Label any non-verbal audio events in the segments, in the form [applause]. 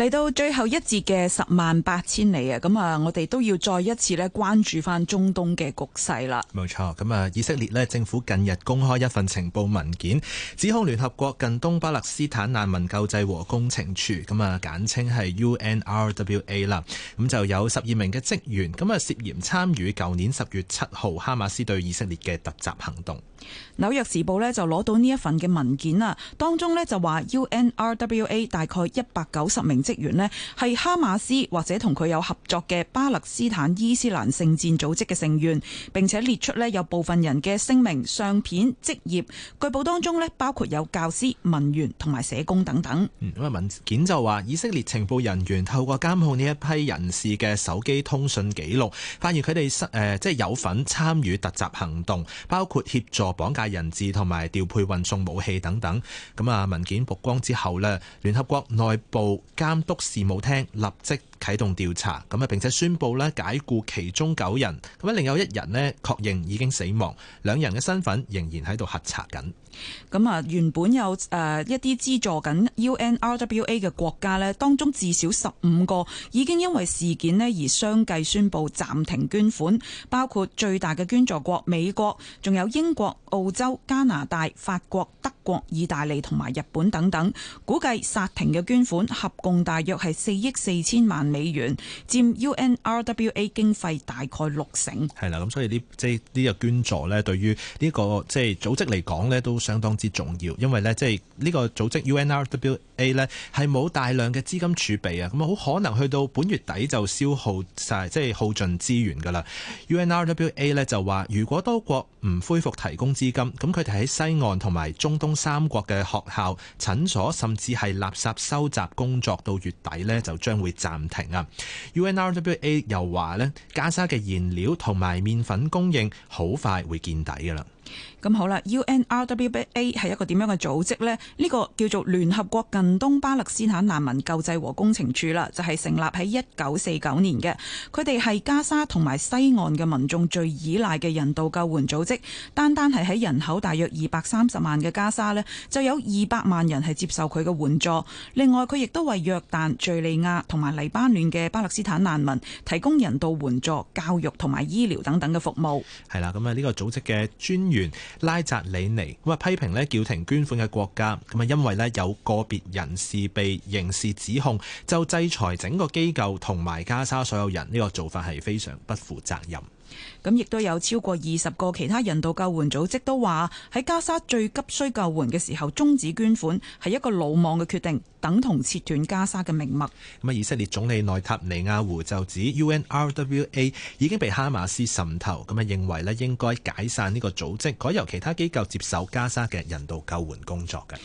嚟到最後一節嘅十萬八千里啊！咁啊，我哋都要再一次咧關注翻中東嘅局勢啦。冇錯，咁啊，以色列咧政府近日公開一份情報文件，指控聯合國近東巴勒斯坦難民救濟和工程處咁啊，簡稱係 UNRWA 啦。咁就有十二名嘅職員咁啊，涉嫌參與舊年十月七號哈馬斯對以色列嘅突襲行動。紐約時報就攞到呢一份嘅文件啦，當中呢，就話 UNRWA 大概一百九十名職員呢，係哈馬斯或者同佢有合作嘅巴勒斯坦伊斯蘭聖戰組織嘅成員，並且列出呢，有部分人嘅姓名、相片、職業。據報當中呢，包括有教師、文員同埋社工等等。咁文件就話以色列情報人員透過監控呢一批人士嘅手機通訊記錄，發現佢哋誒即係有份參與突襲行動，包括協助。綁架人質同埋調配運送武器等等，咁啊文件曝光之後呢，聯合國內部監督事務廳立即啟動調查，咁啊並且宣布咧解僱其中九人，咁啊另有一人呢確認已經死亡，兩人嘅身份仍然喺度核查緊。咁啊，原本有誒一啲資助緊 UNRWA 嘅國家咧，當中至少十五個已經因為事件咧而相繼宣布暫停捐款，包括最大嘅捐助國美國，仲有英國、澳洲、加拿大、法國、德國、意大利同埋日本等等。估計剎停嘅捐款合共大約係四億四千萬美元，佔 UNRWA 經費大概六成。係啦，咁所以呢，即係呢個捐助咧，對於呢個即係組織嚟講咧，都相當之重要，因為咧，即係呢個組織 UNRWA 呢係冇大量嘅資金儲備啊，咁啊，好可能去到本月底就消耗晒，即係耗盡資源㗎喇。UNRWA 呢就話，如果多國唔恢復提供資金，咁佢哋喺西岸同埋中東三國嘅學校、診所，甚至係垃圾收集工作到月底呢就將會暫停啊。UNRWA 又話，呢加沙嘅燃料同埋麵粉供應好快會見底㗎喇。咁好啦，UNRWA 係一個點樣嘅組織呢？呢個叫做聯合國近東巴勒斯坦難民救濟和工程處啦，就係成立喺一九四九年嘅。佢哋係加沙同埋西岸嘅民眾最依賴嘅人道救援組織。單單係喺人口大約二百三十萬嘅加沙呢，就有二百萬人係接受佢嘅援助。另外，佢亦都為約旦、敘利亞同埋黎巴嫩嘅巴勒斯坦難民提供人道援助、教育同埋醫療等等嘅服務。係啦，咁啊呢個組織嘅專員。拉扎里尼咁啊批評咧叫停捐款嘅國家，咁啊因為咧有個別人士被刑事指控，就制裁整個機構同埋加沙所有人，呢個做法係非常不負責任。咁亦都有超過二十個其他人道救援組織都話，喺加沙最急需救援嘅時候終止捐款，係一個魯莽嘅決定，等同切斷加沙嘅命脈。咁啊，以色列總理內塔尼亞胡就指 UNRWA 已經被哈馬斯滲透，咁啊認為咧應該解散呢個組織，改由其他機構接手加沙嘅人道救援工作嘅。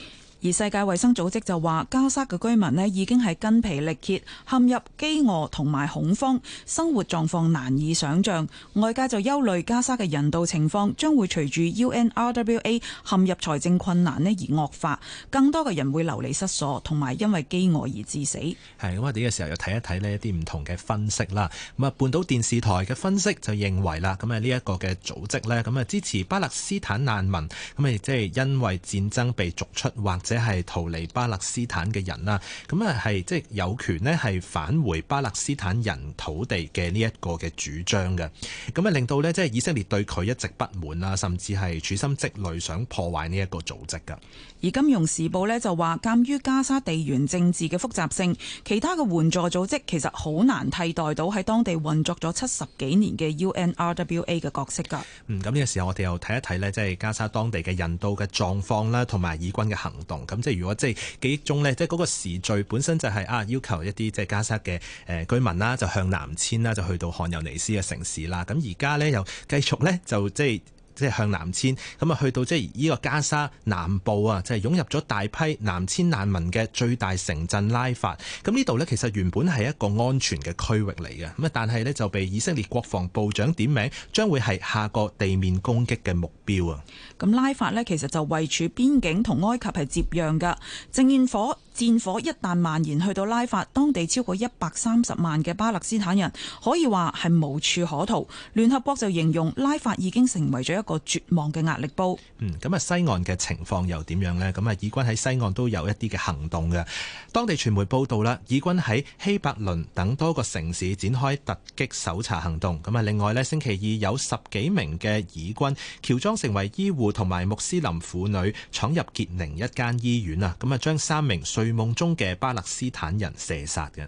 而世界衛生組織就話，加沙嘅居民呢已經係筋疲力竭，陷入飢餓同埋恐慌，生活狀況難以想象。外界就憂慮加沙嘅人道情況將會隨住 UNRWA 陷入財政困難呢而惡化，更多嘅人會流離失所，同埋因為飢餓而致死。係咁，我哋嘅時候又睇一睇呢一啲唔同嘅分析啦。咁啊，半島電視台嘅分析就認為啦，咁啊呢一個嘅組織呢，咁啊支持巴勒斯坦難民，咁啊即係因為戰爭被逐出或或者係逃離巴勒斯坦嘅人啦，咁啊係即係有權呢係返回巴勒斯坦人土地嘅呢一個嘅主張嘅，咁啊令到呢，即係以色列對佢一直不滿啦，甚至係處心積慮想破壞呢一個組織噶。而《金融時報》呢，就話，鑑於加沙地緣政治嘅複雜性，其他嘅援助組織其實好難替代到喺當地運作咗七十幾年嘅 UNRWA 嘅角色噶。嗯，咁呢個時候我哋又睇一睇呢，即係加沙當地嘅人道嘅狀況啦，同埋以軍嘅行動。咁即係如果即係記憶中咧，即係嗰個時序本身就係啊，要求一啲即係加沙嘅誒居民啦，就向南遷啦，就去到漢尤尼斯嘅城市啦。咁而家咧又繼續咧就即係。即係向南遷，咁啊去到即係呢個加沙南部啊，就係、是、湧入咗大批南遷難民嘅最大城鎮拉法。咁呢度呢，其實原本係一個安全嘅區域嚟嘅，咁啊但係呢，就被以色列國防部長點名，將會係下個地面攻擊嘅目標啊。咁拉法呢，其實就位處邊境同埃及係接壤噶，正現火。戰火一旦蔓延去到拉法，當地超過一百三十萬嘅巴勒斯坦人可以話係無處可逃。聯合國就形容拉法已經成為咗一個絕望嘅壓力煲。嗯，咁啊西岸嘅情況又點樣呢？咁啊，以軍喺西岸都有一啲嘅行動嘅。當地傳媒報道啦，以軍喺希伯倫等多個城市展開突擊搜查行動。咁啊，另外呢，星期二有十幾名嘅以軍喬裝成為醫護同埋穆斯林婦女，闖入傑寧一間醫院啊，咁啊，將三名睡夢中嘅巴勒斯坦人射殺嘅。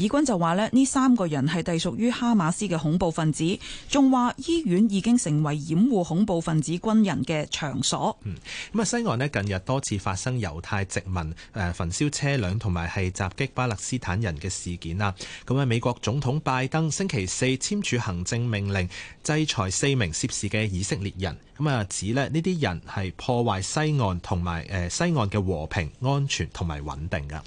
以軍就話呢，呢三個人係隸屬於哈馬斯嘅恐怖分子，仲話醫院已經成為掩護恐怖分子軍人嘅場所。嗯，咁啊，西岸呢，近日多次發生猶太殖民誒焚燒車輛同埋係襲擊巴勒斯坦人嘅事件啦。咁啊，美國總統拜登星期四簽署行政命令，制裁四名涉事嘅以色列人。咁啊，指呢呢啲人係破壞西岸同埋誒西岸嘅和平、安全同埋穩定嘅。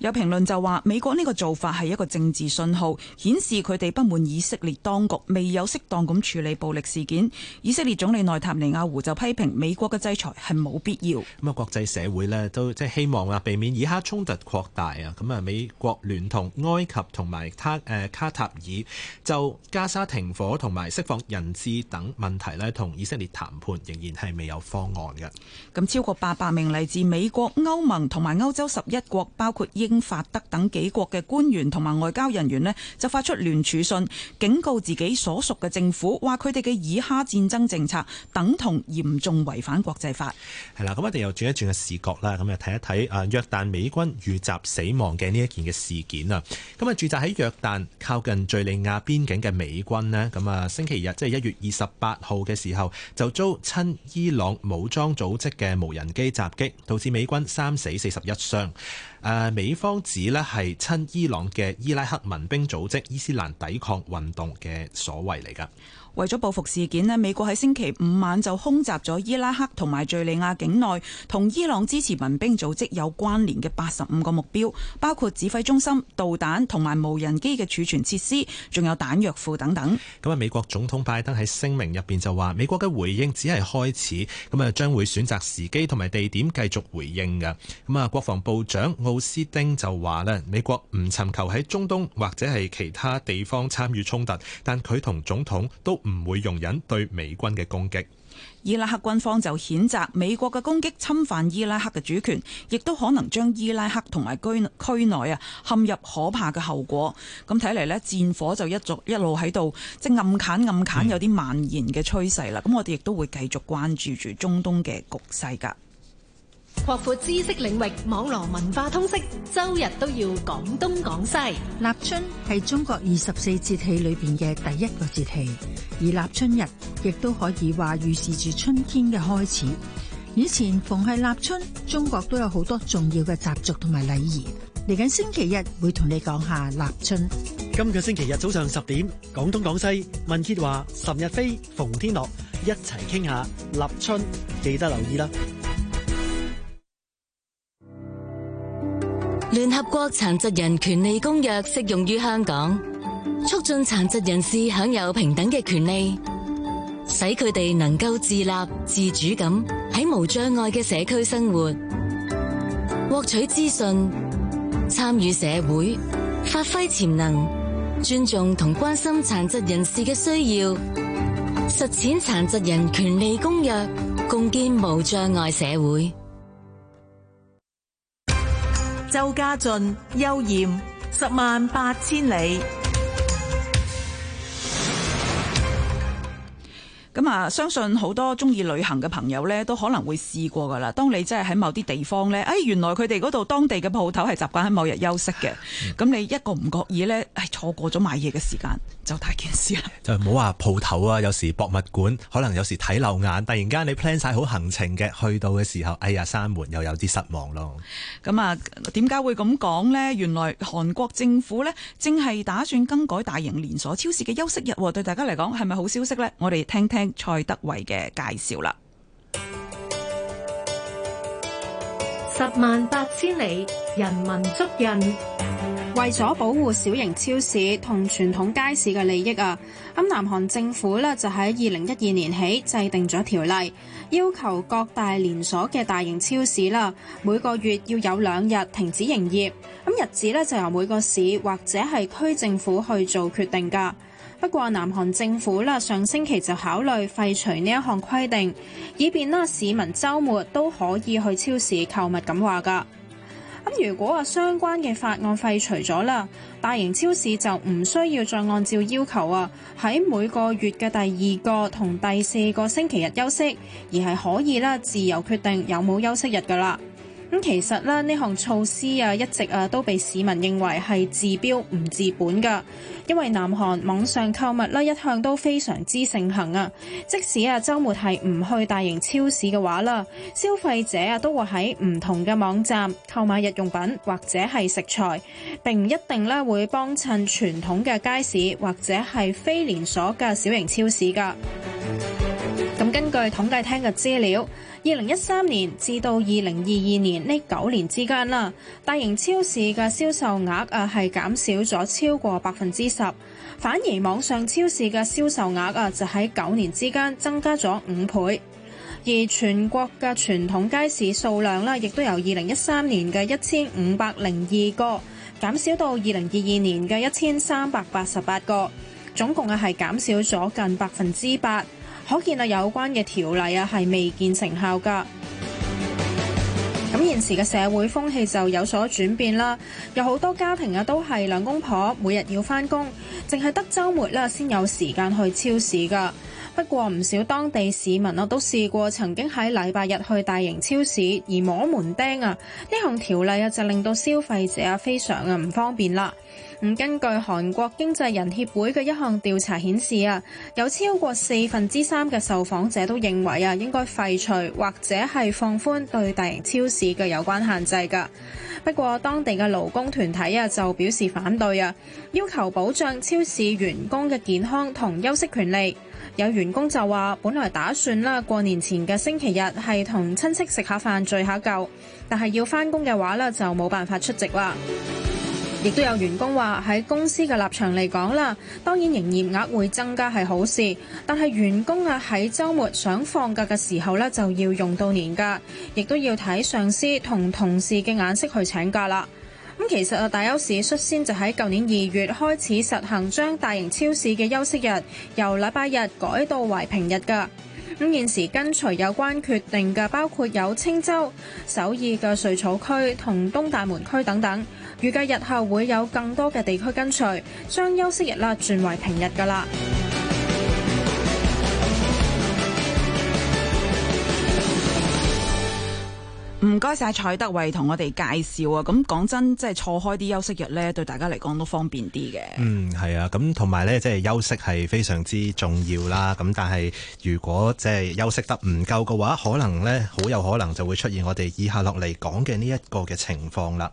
有評論就話美國呢個做法係一個政治信號，顯示佢哋不滿以色列當局未有適當咁處理暴力事件。以色列總理內塔尼亞胡就批評美國嘅制裁係冇必要。咁啊，國際社會呢都即係希望啊，避免以哈衝突擴大啊。咁啊，美國聯同埃及同埋卡誒卡塔爾就加沙停火同埋釋放人質等問題呢，同以色列談判仍然係未有方案嘅。咁超過八百名嚟自美國、歐盟同埋歐洲十一國，包括法、德等幾國嘅官員同埋外交人員呢，就發出聯署信，警告自己所屬嘅政府，話佢哋嘅以哈戰爭政策等同嚴重違反國際法。係啦，咁我哋又轉一轉嘅視角啦，咁啊睇一睇啊約旦美軍遇襲死亡嘅呢一件嘅事件啊。咁啊，駐紮喺約旦靠近敘利亞邊境嘅美軍呢。咁啊，星期日即係一月二十八號嘅時候，就遭親伊朗武裝組織嘅無人機襲擊，導致美軍三死四十一傷。誒，美方指呢係親伊朗嘅伊拉克民兵組織，伊斯蘭抵抗運動嘅所為嚟㗎。為咗報復事件呢，美國喺星期五晚就空襲咗伊拉克同埋敘利亞境內同伊朗支持民兵組織有關聯嘅八十五個目標，包括指揮中心、導彈同埋無人機嘅儲存設施，仲有彈藥庫等等。咁啊，美國總統拜登喺聲明入邊就話，美國嘅回應只係開始，咁啊將會選擇時機同埋地點繼續回應㗎。咁啊，國防部長奧斯汀就話呢，美國唔尋求喺中東或者係其他地方參與衝突，但佢同總統都唔會容忍對美軍嘅攻擊。伊拉克軍方就譴責美國嘅攻擊侵犯伊拉克嘅主權，亦都可能將伊拉克同埋居區內啊陷入可怕嘅後果。咁睇嚟咧，戰火就一逐一路喺度，即係暗砍暗砍，有啲蔓延嘅趨勢啦。咁、嗯、我哋亦都會繼續關注住中東嘅局勢噶。擴闊知識領域，網絡文化通識，周日都要講東講西。立春係中國二十四節氣裏邊嘅第一個節氣，而立春日亦都可以話預示住春天嘅開始。以前逢係立春，中國都有好多重要嘅習俗同埋禮儀。嚟緊星期日會同你講下立春。今個星期日早上十點，廣東廣西，文潔華，岑日飛，馮天樂一齊傾下立春，記得留意啦。聯合國殘疾人權利公約適用於香港，促進殘疾人士享有平等嘅權利，使佢哋能夠自立自主咁喺無障礙嘅社區生活，獲取資訊、參與社會、發揮潛能，尊重同關心殘疾人士嘅需要，實踐殘疾人權利公約，共建無障礙社會。周家俊、邱艷，十萬八千里。咁啊，相信好多中意旅行嘅朋友咧，都可能會試過噶啦。當你真係喺某啲地方咧，哎，原來佢哋嗰度當地嘅鋪頭係習慣喺某日休息嘅。咁、嗯、你一個唔覺意咧，係、哎、錯過咗買嘢嘅時間，就大件事啦。就唔好話鋪頭啊，有時博物館可能有時睇漏眼，突然間你 plan 晒好行程嘅，去到嘅時候，哎呀，閂門又有啲失望咯。咁啊，點解會咁講咧？原來韓國政府咧正係打算更改大型連鎖超市嘅休息日，對大家嚟講係咪好消息咧？我哋聽聽。蔡德蕙嘅介紹啦，十萬八千里人文足印，為咗保護小型超市同傳統街市嘅利益啊！咁南韓政府呢，就喺二零一二年起制定咗條例，要求各大連鎖嘅大型超市啦，每個月要有兩日停止營業。咁日子咧就由每個市或者係區政府去做決定噶。不過，南韓政府啦，上星期就考慮廢除呢一項規定，以便啦市民週末都可以去超市購物咁話噶。咁如果話相關嘅法案廢除咗啦，大型超市就唔需要再按照要求啊，喺每個月嘅第二個同第四個星期日休息，而係可以啦自由決定有冇休息日噶啦。咁其實咧，呢項措施啊，一直啊都被市民認為係治標唔治本噶，因為南韓網上購物咧一向都非常之盛行啊，即使啊週末係唔去大型超市嘅話啦，消費者啊都會喺唔同嘅網站購買日用品或者係食材，並唔一定咧會幫襯傳統嘅街市或者係非連鎖嘅小型超市噶。咁根據統計廳嘅資料，二零一三年至到二零二二年呢九年之間啦，大型超市嘅銷售額啊係減少咗超過百分之十，反而網上超市嘅銷售額啊就喺九年之間增加咗五倍，而全國嘅傳統街市數量呢，亦都由二零一三年嘅一千五百零二個減少到二零二二年嘅一千三百八十八個，總共啊係減少咗近百分之八。可見啊，有關嘅條例啊，係未見成效噶。咁現時嘅社會風氣就有所轉變啦，有好多家庭啊，都係兩公婆每日要返工，淨係得周末啦先有時間去超市噶。不過唔少當地市民啊，都試過曾經喺禮拜日去大型超市而摸門釘啊。呢項條例啊，就令到消費者啊非常嘅唔方便啦。咁根據韓國經濟人協會嘅一項調查顯示啊，有超過四分之三嘅受訪者都認為啊，應該廢除或者係放寬對大型超市嘅有關限制㗎。不過當地嘅勞工團體啊，就表示反對啊，要求保障超市員工嘅健康同休息權利。有員工就話，本來打算啦，過年前嘅星期日係同親戚食下飯，聚下舊，但係要返工嘅話呢就冇辦法出席啦。亦都有員工話喺公司嘅立場嚟講啦，當然營業額會增加係好事，但係員工啊喺週末想放假嘅時候呢，就要用到年假，亦都要睇上司同同事嘅眼色去請假啦。咁其實啊，大邱市率先就喺舊年二月開始實行，將大型超市嘅休息日由禮拜日改到為平日㗎，咁現時跟隨有關決定嘅包括有清州、首爾嘅瑞草區同東大門區等等。預計日後會有更多嘅地區跟隨，將休息日啦轉為平日㗎啦。唔該晒蔡德蕙同我哋介紹啊，咁講真，即係錯開啲休息日呢，對大家嚟講都方便啲嘅。嗯，係啊，咁同埋呢，即係休息係非常之重要啦。咁但係如果即係休息得唔夠嘅話，可能呢，好有可能就會出現我哋以下落嚟講嘅呢一個嘅情況啦。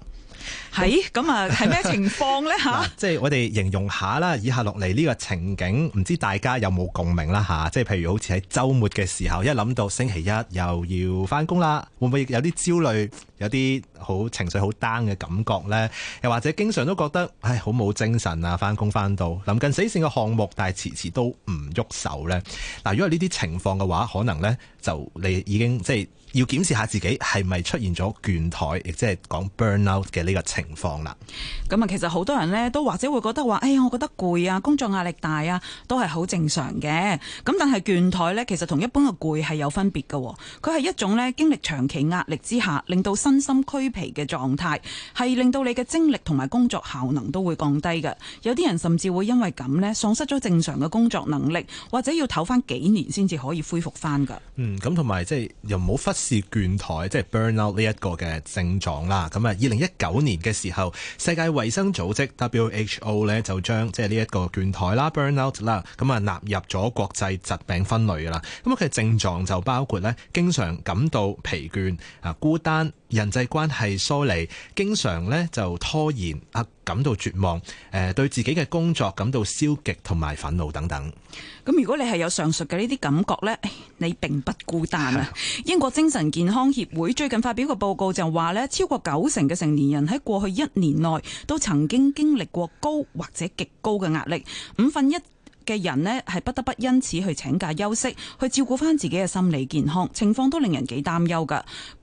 係咁啊，係咩情況呢？吓 [laughs] ，即係我哋形容下啦。以下落嚟呢個情景，唔知大家有冇共鳴啦？吓，即係譬如好似喺周末嘅時候，一諗到星期一又要翻工啦，會唔會有啲焦慮，有啲好情緒好 down 嘅感覺呢？又或者經常都覺得唉，好冇精神啊，翻工翻到臨近死綫嘅項目，但係遲遲都唔喐手呢。嗱，如果係呢啲情況嘅話，可能呢就你已經即係。要檢視下自己係咪出現咗倦怠，亦即係講 burnout 嘅呢個情況啦。咁啊，其實好多人呢都或者會覺得話：「哎呀，我覺得攰啊，工作壓力大啊，都係好正常嘅。咁但係倦怠呢其實同一般嘅攰係有分別嘅。佢係一種呢經歷長期壓力之下，令到身心俱疲嘅狀態，係令到你嘅精力同埋工作效能都會降低嘅。有啲人甚至會因為咁呢喪失咗正常嘅工作能力，或者要唞翻幾年先至可以恢復翻㗎。嗯，咁同埋即係又唔好忽。是倦怠，即係 burn out 呢一個嘅症狀啦。咁啊，二零一九年嘅時候，世界衛生組織 WHO 咧就將即係呢一個倦怠啦、burn out 啦，咁啊納入咗國際疾病分類噶啦。咁啊，佢嘅症狀就包括咧，經常感到疲倦啊、孤單、人際關係疏離、經常咧就拖延啊。感到絕望，誒對自己嘅工作感到消極同埋憤怒等等。咁如果你係有上述嘅呢啲感覺呢，你並不孤單啊！英國精神健康協會最近發表個報告就話呢，超過九成嘅成年人喺過去一年內都曾經經歷過高或者極高嘅壓力，五分一，嘅人呢，係不得不因此去請假休息，去照顧翻自己嘅心理健康，情況都令人幾擔憂噶。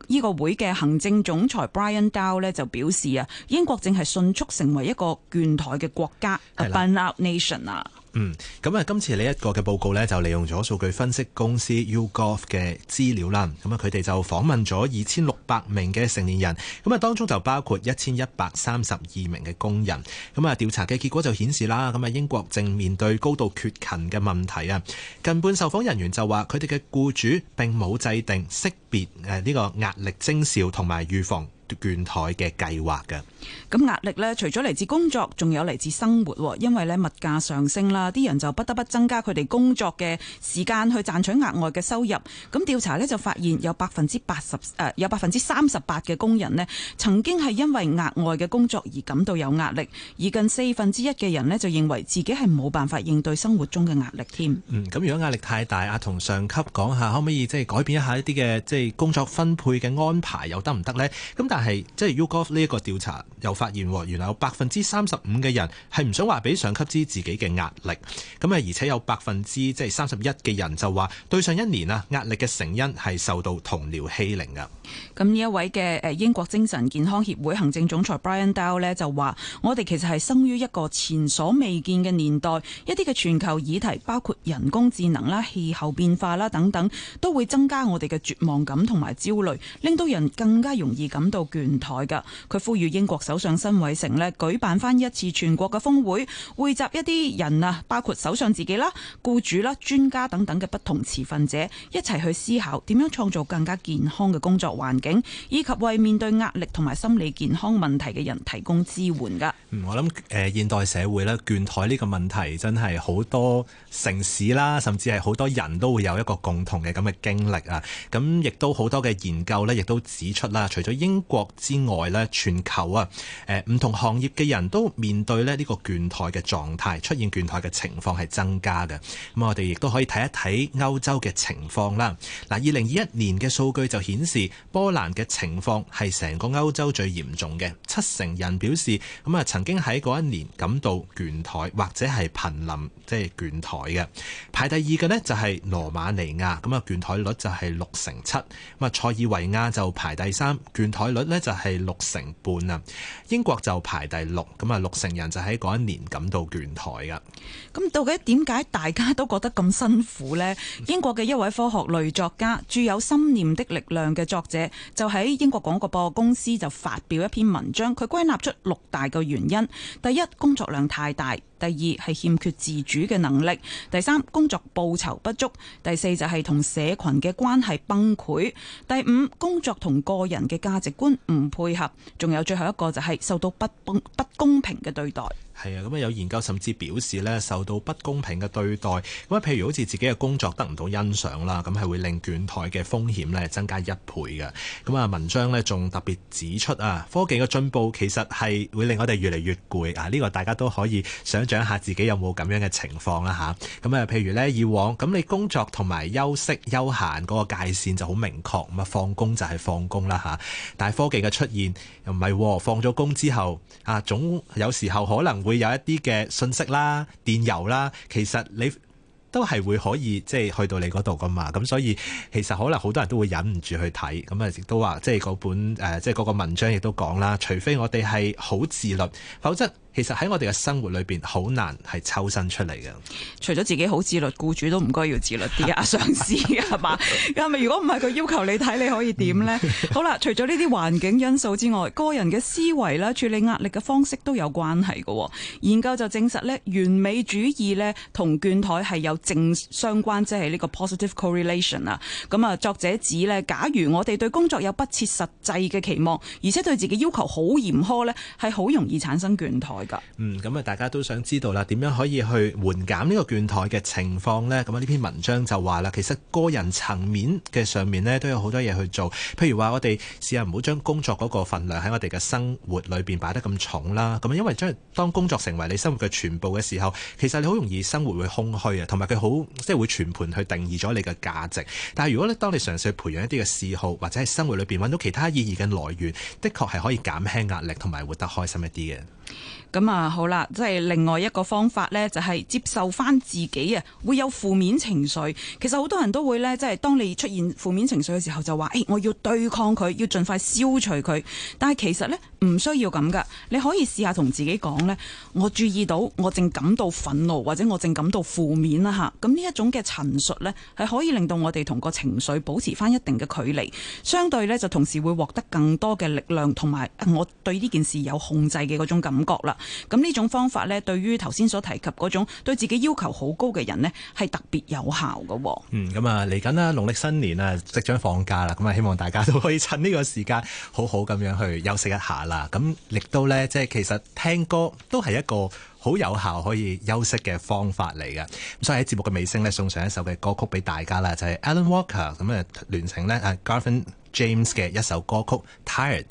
呢、這個會嘅行政總裁 Brian Dow 呢，就表示啊，英國正係迅速成為一個倦怠嘅國家 Burnout Nation 啊。嗯，咁啊，今次呢一個嘅報告呢，就利用咗數據分析公司 YouGov 嘅資料啦。咁啊，佢哋就訪問咗二千六百名嘅成年人，咁啊，當中就包括一千一百三十二名嘅工人。咁啊，調查嘅結果就顯示啦，咁啊，英國正面對高度缺勤嘅問題啊。近半受訪人員就話佢哋嘅雇主並冇制定識別呢、呢個壓力徵兆同埋預防倦怠嘅計劃嘅。咁壓力咧，除咗嚟自工作，仲有嚟自生活，因為咧物價上升啦，啲人就不得不增加佢哋工作嘅時間去賺取額外嘅收入。咁調查咧就發現有百分之八十誒，有百分之三十八嘅工人呢，曾經係因為額外嘅工作而感到有壓力，而近四分之一嘅人呢，就認為自己係冇辦法應對生活中嘅壓力添。嗯，咁如果壓力太大，阿同上級講下，可唔可以即係改變一下一啲嘅即係工作分配嘅安排又行不行，又得唔得呢？咁。但係，即係 YouGov 呢一個調查又發現，原來有百分之三十五嘅人係唔想話俾上級知自己嘅壓力。咁啊，而且有百分之即係三十一嘅人就話，對上一年啊壓力嘅成因係受到同僚欺凌啊。咁呢一位嘅誒英國精神健康協會行政總裁 Brian Dow 就話：我哋其實係生於一個前所未見嘅年代，一啲嘅全球議題，包括人工智能啦、氣候變化啦等等，都會增加我哋嘅絕望感同埋焦慮，令到人更加容易感到。倦怠噶，佢呼籲英國首相辛偉誠咧，舉辦翻一次全國嘅峰會，匯集一啲人啊，包括首相自己啦、僱主啦、專家等等嘅不同持份者一齊去思考點樣創造更加健康嘅工作環境，以及為面對壓力同埋心理健康問題嘅人提供支援噶、嗯。我諗誒、呃，現代社會呢「倦怠」呢個問題真係好多城市啦，甚至係好多人都會有一個共同嘅咁嘅經歷啊。咁亦都好多嘅研究呢，亦都指出啦，除咗英。國之外咧，全球啊，誒唔同行業嘅人都面對咧呢個倦怠嘅狀態，出現倦怠嘅情況係增加嘅。咁我哋亦都可以睇一睇歐洲嘅情況啦。嗱，二零二一年嘅數據就顯示波蘭嘅情況係成個歐洲最嚴重嘅，七成人表示咁啊、嗯、曾經喺嗰一年感到倦怠或者係瀕臨即係倦怠嘅。排第二嘅呢，就係羅馬尼亞，咁啊倦怠率就係六成七。咁啊塞爾維亞就排第三，倦怠率。呢就係、是、六成半啊，英國就排第六，咁啊六成人就喺嗰一年感到倦怠噶。咁到底點解大家都覺得咁辛苦呢？英國嘅一位科學類作家， [laughs] 著有《心念的力量》嘅作者，就喺英國廣播公司就發表一篇文章，佢歸納出六大個原因。第一，工作量太大。第二係欠缺自主嘅能力，第三工作報酬不足，第四就係、是、同社群嘅關係崩潰，第五工作同個人嘅價值觀唔配合，仲有最後一個就係、是、受到不公不公平嘅對待。係啊，咁啊有研究甚至表示咧受到不公平嘅對待，咁啊譬如好似自己嘅工作得唔到欣賞啦，咁係會令倦怠嘅風險咧增加一倍嘅。咁啊文章咧仲特別指出啊，科技嘅進步其實係會令我哋越嚟越攰啊！呢個大家都可以想像一下自己有冇咁樣嘅情況啦吓，咁啊譬如咧以往咁你工作同埋休息休閒嗰個界線就好明確，咁啊放工就係放工啦吓，但係科技嘅出現又唔係放咗工之後啊，總有時候可能。會有一啲嘅信息啦、電郵啦，其實你都係會可以即係、就是、去到你嗰度噶嘛，咁所以其實可能好多人都會忍唔住去睇，咁啊亦都話即係嗰本誒即係嗰個文章亦都講啦，除非我哋係好自律，否則。其實喺我哋嘅生活裏面，好難係抽身出嚟嘅。除咗自己好自律，僱主都唔該要自律啲啊， [laughs] 上司係嘛？係咪如果唔係佢要求你睇，你可以點呢？ [laughs] 好啦，除咗呢啲環境因素之外，個人嘅思維啦、處理壓力嘅方式都有關係嘅。研究就證實呢，完美主義呢同倦怠係有正相關，即係呢個 positive correlation 啦。咁啊，作者指呢，假如我哋對工作有不切實際嘅期望，而且對自己要求好嚴苛呢，係好容易產生倦怠。嗯，咁啊，大家都想知道啦，點樣可以去緩減呢個倦怠嘅情況呢？咁啊，呢篇文章就話啦，其實個人層面嘅上面呢都有好多嘢去做，譬如話我哋試下唔好將工作嗰個份量喺我哋嘅生活裏邊擺得咁重啦。咁因為將當工作成為你生活嘅全部嘅時候，其實你好容易生活會空虛啊，同埋佢好即係會全盤去定義咗你嘅價值。但係如果呢當你嘗試去培養一啲嘅嗜好，或者係生活裏邊揾到其他意義嘅來源，的確係可以減輕壓力，同埋活得開心一啲嘅。咁啊，好啦，即係另外一個方法咧，就係接受翻自己啊，會有負面情緒。其實好多人都會咧，即係當你出現負面情緒嘅時候，就話誒、欸，我要對抗佢，要盡快消除佢。但係其實咧，唔需要咁噶。你可以試下同自己講咧，我注意到我正感到憤怒，或者我正感到負面啦吓。咁呢一種嘅陳述咧，係可以令到我哋同個情緒保持翻一定嘅距離，相對咧就同時會獲得更多嘅力量，同埋我對呢件事有控制嘅嗰種感感覺啦，咁呢種方法咧，對於頭先所提及嗰種對自己要求好高嘅人呢，係特別有效嘅，哦。嗯，咁啊，嚟緊啦，農曆新年啊，即將放假啦，咁啊，希望大家都可以趁呢個時間好好咁樣去休息一下啦。咁亦都呢，即係其實聽歌都係一個好有效可以休息嘅方法嚟嘅。咁所以喺節目嘅尾聲呢，送上一首嘅歌曲俾大家啦，就係、是、Alan Walker 咁啊，聯乘呢 Gavin James 嘅一首歌曲 Tired。